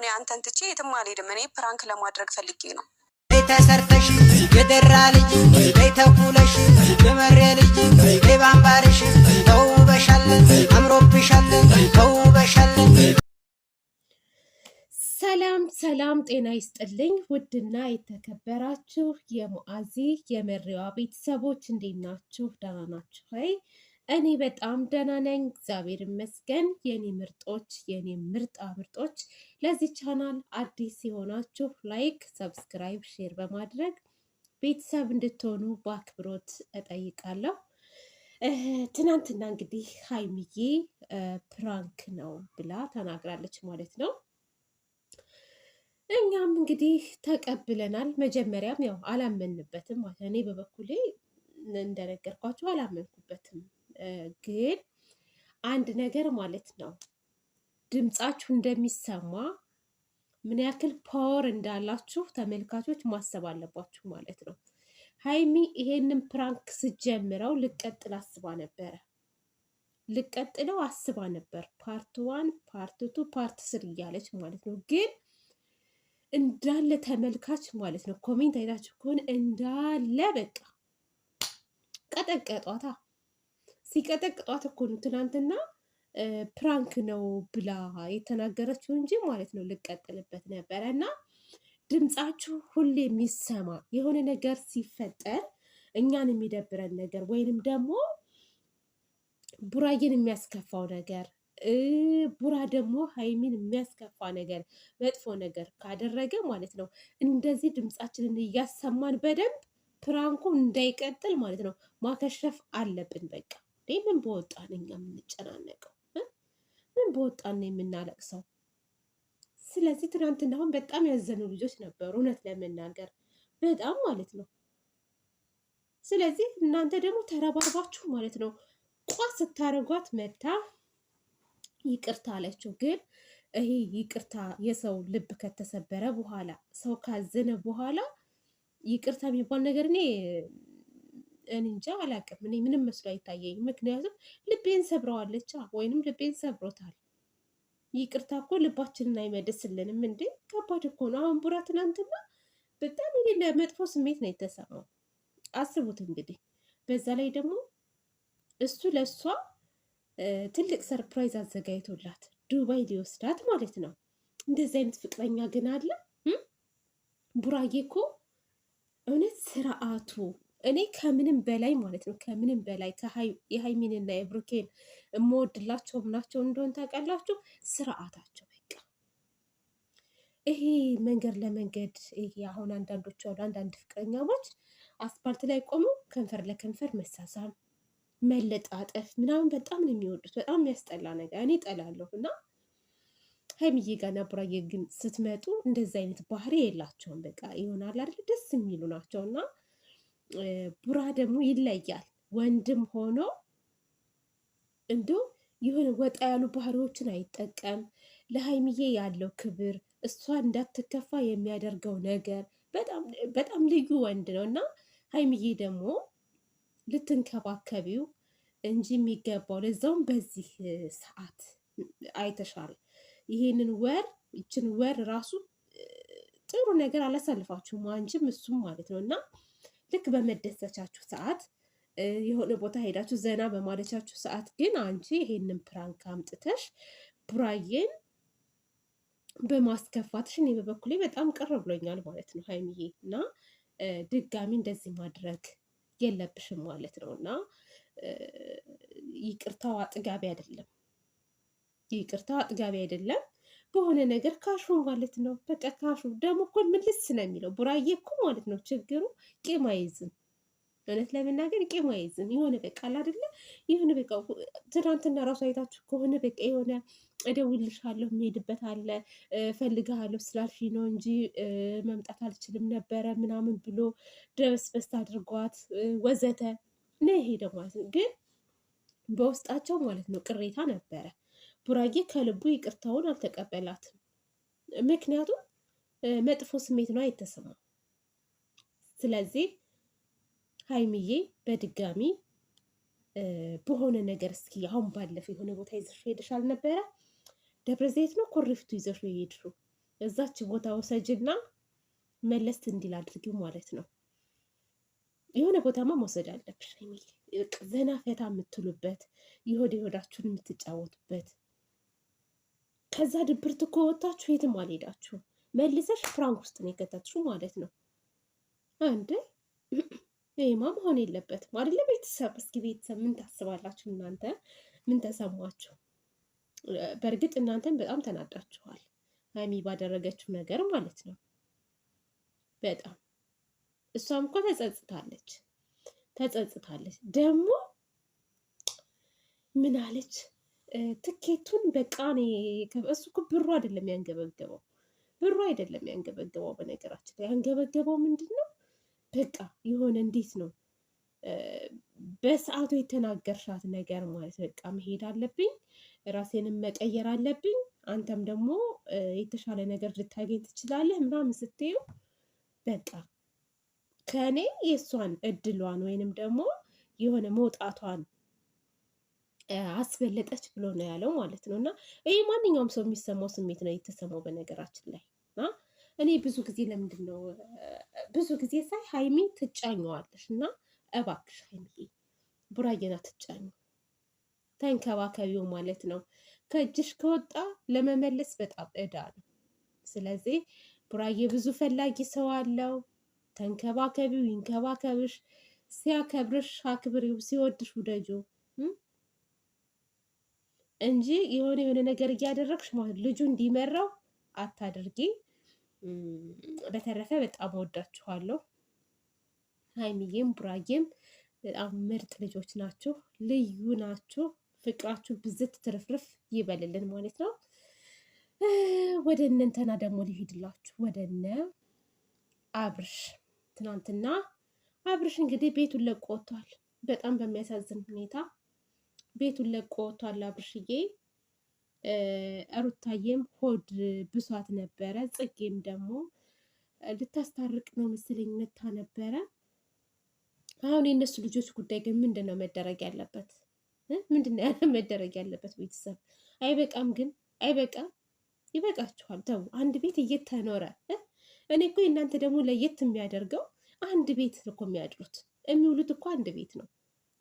እኔ አንተን ትቼ የትም አልሄድም። እኔ ፕራንክ ለማድረግ ፈልጌ ነው። ተሰርተሽ የደራ ልጅ ቤተኩለሽ የመሬ ልጅ ባንባርሽ ተውበሻለን፣ አምሮብሻለን፣ ተውበሻለን። ሰላም ሰላም፣ ጤና ይስጥልኝ። ውድና የተከበራችሁ የሙአዚ የመሪዋ ቤተሰቦች እንዴት ናችሁ? ደህና ናችሁ ወይ? እኔ በጣም ደህና ነኝ፣ እግዚአብሔር ይመስገን። የኔ ምርጦች፣ የኔ ምርጣ ምርጦች፣ ለዚህ ቻናል አዲስ የሆናችሁ ላይክ፣ ሰብስክራይብ፣ ሼር በማድረግ ቤተሰብ እንድትሆኑ በአክብሮት እጠይቃለሁ። ትናንትና እንግዲህ ሀይሚዬ ፕራንክ ነው ብላ ተናግራለች ማለት ነው። እኛም እንግዲህ ተቀብለናል። መጀመሪያም ያው አላመንበትም ማለት እኔ በበኩሌ እንደነገርኳቸው አላመንኩበትም ግን አንድ ነገር ማለት ነው ድምጻችሁ እንደሚሰማ ምን ያክል ፓወር እንዳላችሁ ተመልካቾች ማሰብ አለባችሁ ማለት ነው። ሀይሚ ይሄንን ፕራንክ ስጀምረው ልቀጥል አስባ ነበረ ልቀጥለው አስባ ነበር። ፓርት ዋን፣ ፓርት ቱ፣ ፓርት ስር እያለች ማለት ነው። ግን እንዳለ ተመልካች ማለት ነው ኮሜንት አይታችሁ ከሆነ እንዳለ በቃ ቀጠቀጧታ። ሲቀጠቅጧት እኮ ነው ትናንትና ፕራንክ ነው ብላ የተናገረችው እንጂ ማለት ነው ልቀጥልበት ነበረ እና ድምጻችሁ ሁሌ የሚሰማ የሆነ ነገር ሲፈጠር እኛን የሚደብረን ነገር ወይንም ደግሞ ቡራዬን የሚያስከፋው ነገር ቡራ ደግሞ ሀይሚን የሚያስከፋ ነገር መጥፎ ነገር ካደረገ ማለት ነው እንደዚህ ድምጻችንን እያሰማን በደንብ ፕራንኩ እንዳይቀጥል ማለት ነው ማከሸፍ አለብን በቃ ምን በወጣን እኛ የምንጨናነቀው? ምን በወጣን ነው የምናለቅሰው? ስለዚህ ትናንትና አሁን በጣም ያዘኑ ልጆች ነበሩ፣ እውነት ለመናገር በጣም ማለት ነው። ስለዚህ እናንተ ደግሞ ተረባርባችሁ ማለት ነው ቋ ስታደርጓት መታ ይቅርታ አለችው። ግን ይሄ ይቅርታ የሰው ልብ ከተሰበረ በኋላ ሰው ካዘነ በኋላ ይቅርታ የሚባል ነገር እኔ እንጃ አላውቅም። እኔ ምንም መስሎ አይታየኝ። ምክንያቱም ልቤን ሰብረዋለቻ ወይንም ልቤን ሰብሮታል። ይቅርታ እኮ ልባችንን አይመደስልንም እንዴ! ከባድ እኮ ነው። አሁን ቡራ ትናንትና በጣም እኔ ለመጥፎ ስሜት ነው የተሰማው። አስቡት እንግዲህ በዛ ላይ ደግሞ እሱ ለእሷ ትልቅ ሰርፕራይዝ አዘጋጅቶላት ዱባይ ሊወስዳት ማለት ነው። እንደዚህ አይነት ፍቅረኛ ግን አለ ቡራዬ እኮ እውነት ስርዓቱ እኔ ከምንም በላይ ማለት ነው ከምንም በላይ የሀይሚንና የብሩኬን የምወድላቸው ናቸው እንደሆን ታውቃላችሁ፣ ስርዓታቸው በቃ ይሄ መንገድ ለመንገድ ይሄ አሁን አንዳንዶች አሉ አንዳንድ ፍቅረኛዎች አስፓልት ላይ ቆመው ከንፈር ለከንፈር መሳሳም መለጣጠፍ ምናምን በጣም ነው የሚወዱት። በጣም የሚያስጠላ ነገር እኔ እጠላለሁ። እና ሀይሚዬ ጋና ቡራዬ ግን ስትመጡ እንደዚ አይነት ባህሪ የላቸውም። በቃ ይሆናል አይደል? ደስ የሚሉ ናቸው እና ቡራ ደግሞ ይለያል። ወንድም ሆኖ እንደው ይሁን ወጣ ያሉ ባህሪዎችን አይጠቀም። ለሀይሚዬ ያለው ክብር፣ እሷ እንዳትከፋ የሚያደርገው ነገር በጣም ልዩ ወንድ ነው እና ሀይሚዬ ደግሞ ልትንከባከቢው እንጂ የሚገባው ለዛውም በዚህ ሰዓት አይተሻል። ይሄንን ወር ይችን ወር ራሱ ጥሩ ነገር አላሳልፋችሁም አንቺም እሱም ማለት ነው እና ልክ በመደሰቻችሁ ሰዓት የሆነ ቦታ ሄዳችሁ ዘና በማለቻችሁ ሰዓት ግን አንቺ ይሄንን ፕራንክ አምጥተሽ ቡራዬን በማስከፋትሽ እኔ በበኩሌ በጣም ቅር ብሎኛል ማለት ነው ሀይሚዬ። እና ድጋሚ እንደዚህ ማድረግ የለብሽም ማለት ነው። እና ይቅርታው አጥጋቢ አይደለም፣ ይቅርታው አጥጋቢ አይደለም። በሆነ ነገር ካሹ ማለት ነው። በቃ ካሹ ደግሞ እኮ ምልስ ነው የሚለው ቡራዬ እኮ ማለት ነው። ችግሩ ቂም አይዝም፣ እውነት ለመናገር ቂም አይዝም። የሆነ በቃ አለ አላደለ የሆነ በቃ ትናንትና ራሱ አይታችሁ ከሆነ በቃ የሆነ እደውልልሻለሁ የምሄድበት አለ እፈልግሃለሁ ስላልሽኝ ነው እንጂ መምጣት አልችልም ነበረ ምናምን ብሎ ደበስ በስት አድርጓት ወዘተ ነው የሄደው ማለት ነው። ግን በውስጣቸው ማለት ነው ቅሬታ ነበረ ቡራጌ ከልቡ ይቅርታውን አልተቀበላትም። ምክንያቱም መጥፎ ስሜት ነው የተሰማው። ስለዚህ ሀይሚዬ በድጋሚ በሆነ ነገር እስኪ አሁን ባለፈ የሆነ ቦታ ይዘሽ ሄደሽ አልነበረ? ደብረ ዘይት ነው ኮሪፍቱ ይዘሽ ነው የሄድሽው። እዛች ቦታ ወሰጅና መለስት እንዲል አድርጊው ማለት ነው። የሆነ ቦታማ መውሰድ አለብሽ ሀይሚዬ፣ ዘና ፈታ የምትሉበት የሆድ የሆዳችሁን የምትጫወቱበት ከዛ ድብርት እኮ ወጣችሁ የትም አልሄዳችሁ መልሰሽ ፍራንክ ውስጥ ነው የከተትሽው ማለት ነው። አንድ ይህማ መሆን የለበትም አይደለ? ቤተሰብ እስኪ ቤተሰብ ምን ታስባላችሁ እናንተ? ምን ተሰማችሁ? በእርግጥ እናንተን በጣም ተናዳችኋል፣ ሀይሚ ባደረገችው ነገር ማለት ነው። በጣም እሷም እኮ ተጸጽታለች፣ ተጸጽታለች ደግሞ ምን አለች? ትኬቱን በቃ እኔ እሱ እኮ ብሩ አይደለም ያንገበገበው፣ ብሩ አይደለም ያንገበገበው። በነገራችን ላይ ያንገበገበው ምንድን ነው በቃ የሆነ እንዴት ነው በሰዓቱ የተናገርሻት ነገር ማለት በቃ መሄድ አለብኝ፣ ራሴንም መቀየር አለብኝ፣ አንተም ደግሞ የተሻለ ነገር ልታገኝ ትችላለህ ምናምን ስትዩ በቃ ከእኔ የእሷን እድሏን ወይንም ደግሞ የሆነ መውጣቷን አስበለጠች ብሎ ነው ያለው ማለት ነው። እና ይሄ ማንኛውም ሰው የሚሰማው ስሜት ነው የተሰማው በነገራችን ላይ እና እኔ ብዙ ጊዜ ለምንድን ነው ብዙ ጊዜ ሳይ ሀይሚ ትጫኘዋለሽ እና እባክሽ ሀይሚ ቡራየና ትጫኙ ተንከባከቢው ማለት ነው። ከእጅሽ ከወጣ ለመመለስ በጣም እዳ ነው። ስለዚህ ቡራዬ ብዙ ፈላጊ ሰው አለው። ተንከባከቢው፣ ይንከባከብሽ። ሲያከብርሽ አክብሪው፣ ሲወድሽ ውደጁ። እንጂ የሆነ የሆነ ነገር እያደረግሽ ማለት ልጁ እንዲመራው አታድርጊ። በተረፈ በጣም ወዳችኋለሁ። ሀይሚዬም ቡራዬም በጣም ምርጥ ልጆች ናችሁ፣ ልዩ ናችሁ። ፍቅራችሁ ብዝት ትርፍርፍ ይበልልን ማለት ነው። ወደ እነንተና ደግሞ ሊሄድላችሁ ወደ እነ አብርሽ ትናንትና አብርሽ እንግዲህ ቤቱን ለቆቷል በጣም በሚያሳዝን ሁኔታ ቤቱን ለቆ ወጥቷል አብርሽዬ። ሆድ ብሷት ነበረ። ጽጌም ደግሞ ልታስታርቅ ነው ምስለኝ መታ ነበረ። አሁን የእነሱ ልጆች ጉዳይ ግን ምንድን ነው መደረግ ያለበት? ምንድን ነው ያለ መደረግ ያለበት? ቤተሰብ አይበቃም ግን አይበቃም? ይበቃችኋል። ተው አንድ ቤት እየተኖረ እኔ እኮ እናንተ ደግሞ ለየት የሚያደርገው አንድ ቤት እኮ የሚያድሩት የሚውሉት እኮ አንድ ቤት ነው።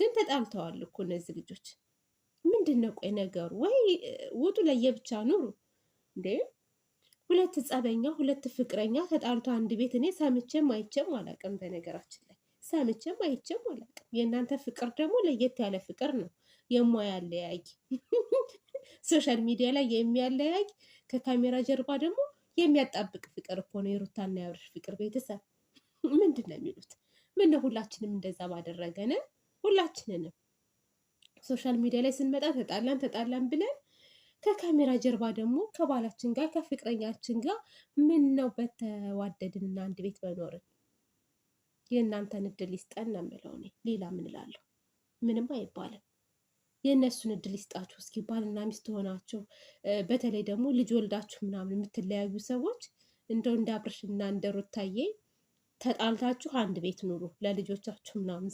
ግን ተጣልተዋል እኮ እነዚህ ልጆች። ምንድን ነው ቆይ ነገሩ? ወይ ውጡ፣ ለየብቻ ኑሩ እንዴ! ሁለት ጸበኛ፣ ሁለት ፍቅረኛ ተጣልቶ አንድ ቤት እኔ ሰምቼም አይቼም አላውቅም። በነገራችን ላይ ሰምቼም አይቼም አላውቅም። የእናንተ ፍቅር ደግሞ ለየት ያለ ፍቅር ነው፣ የማያለያይ ሶሻል ሚዲያ ላይ የሚያለያይ ከካሜራ ጀርባ ደግሞ የሚያጣብቅ ፍቅር እኮ ነው የሩታና የአብርሽ ፍቅር። ቤተሰብ ምንድን ነው የሚሉት? ምነው ሁላችንም እንደዛ ባደረገን ሁላችንንም ሶሻል ሚዲያ ላይ ስንመጣ ተጣላን ተጣላን ብለን ከካሜራ ጀርባ ደግሞ ከባላችን ጋር ከፍቅረኛችን ጋር ምን ነው በተዋደድንና አንድ ቤት በኖርን። የእናንተን እድል ይስጠን ነው የምለው እኔ። ሌላ ምን እላለሁ? ምንም አይባልም። የእነሱን እድል ይስጣችሁ። እስኪ ባልና ሚስት ሆናችሁ በተለይ ደግሞ ልጅ ወልዳችሁ ምናምን የምትለያዩ ሰዎች እንደው እንደ አብርሽና እንደ ሩታዬ ተጣልታችሁ አንድ ቤት ኑሩ ለልጆቻችሁ ምናምን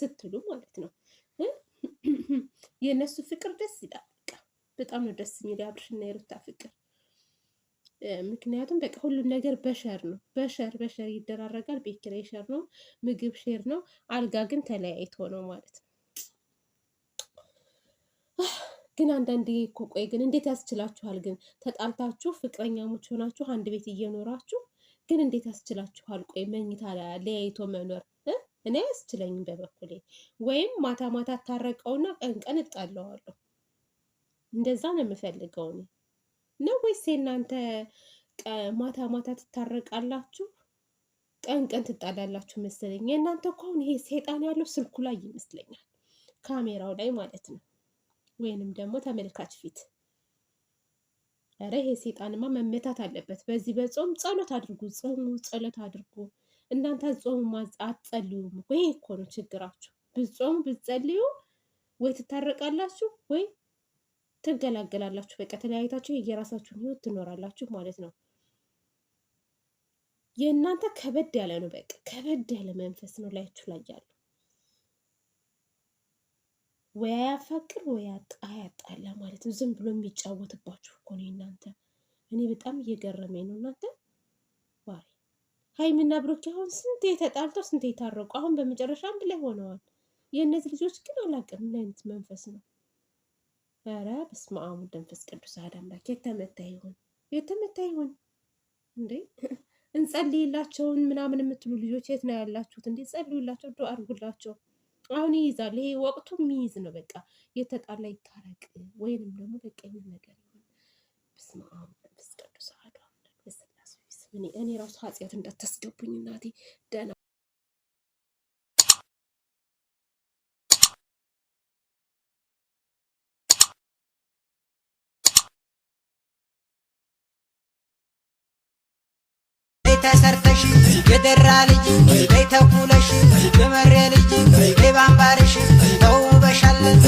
ስትሉ ማለት ነው። የእነሱ ፍቅር ደስ ይላል። በቃ በጣም ነው ደስ የሚል የአብርሽና የሩታ ፍቅር። ምክንያቱም በቃ ሁሉም ነገር በሸር ነው። በሸር በሸር ይደራረጋል። ቤት ኪራይ ሸር ነው፣ ምግብ ሼር ነው፣ አልጋ ግን ተለያይቶ ነው ማለት ነው። ግን አንዳንድ እኮ ቆይ ግን እንዴት ያስችላችኋል? ግን ተጣልታችሁ ፍቅረኛሞች ሆናችሁ አንድ ቤት እየኖራችሁ ግን እንዴት ያስችላችኋል? ቆይ መኝታ ለያይቶ መኖር እኔ አያስችለኝም በበኩሌ። ወይም ማታ ማታ ታረቀውና ቀን ቀን እጣለዋለሁ። እንደዛ ነው የምፈልገው እኔ ነው ወይስ የእናንተ ማታ ማታ ትታረቃላችሁ ቀን ቀን ትጣላላችሁ መሰለኝ። የእናንተ እኮ አሁን ይሄ ሰይጣን ያለው ስልኩ ላይ ይመስለኛል፣ ካሜራው ላይ ማለት ነው፣ ወይንም ደግሞ ተመልካች ፊት ኧረ ይሄ ሴጣንማ መመታት አለበት። በዚህ በጾም ጸሎት አድርጉ፣ ጾሙ ጸሎት አድርጉ። እናንተ ጾሙ አትጸልዩም እኮ ይሄ እኮ ነው ችግራችሁ። ብጾሙ ብትጸልዩ ወይ ትታረቃላችሁ ወይ ትገላገላላችሁ። በቃ ተለያይታችሁ የየራሳችሁን ህይወት ትኖራላችሁ ማለት ነው። የእናንተ ከበድ ያለ ነው። በቃ ከበድ ያለ መንፈስ ነው ላያችሁ ላይ ያለው። ወይ አያፋቅር ወይ አያጣላ ማለት ነው። ዝም ብሎ የሚጫወትባችሁ እኮ ነው እናንተ። እኔ በጣም እየገረመኝ ነው እናንተ። ዋይ ሀይሚና ብሩኬ አሁን ስንቴ ተጣልተው ስንቴ የታረቁ አሁን በመጨረሻ አንድ ላይ ሆነዋል። የእነዚህ ልጆች ግን አላውቅም ምን አይነት መንፈስ ነው። ኧረ በስመ አብ ቅዱስ አሐድ አምላክ የተመታ ይሁን የተመታ ይሁን እንዴ። እንጸልይላቸውን ምናምን የምትሉ ልጆች የት ነው ያላችሁት እንዴ? ጸልዩላቸው፣ ዱ አድርጉላቸው። አሁን ይይዛል። ይሄ ወቅቱ የሚይዝ ነው። በቃ የተጣላ ይታረቅ ወይንም ደግሞ በቃ የሚል ነገር ይሆን። በስመ አብ ወመንፈስ ቅዱስ አሐዱ አምላክ እኔ ራሱ ኃጢአት እንዳታስገቡኝ እናቴ ደህና ተሰርተሽ የደራ ልጅ በይተኩለሽ የመሬ ልጅ በይባንባርሽ ተውበሻለን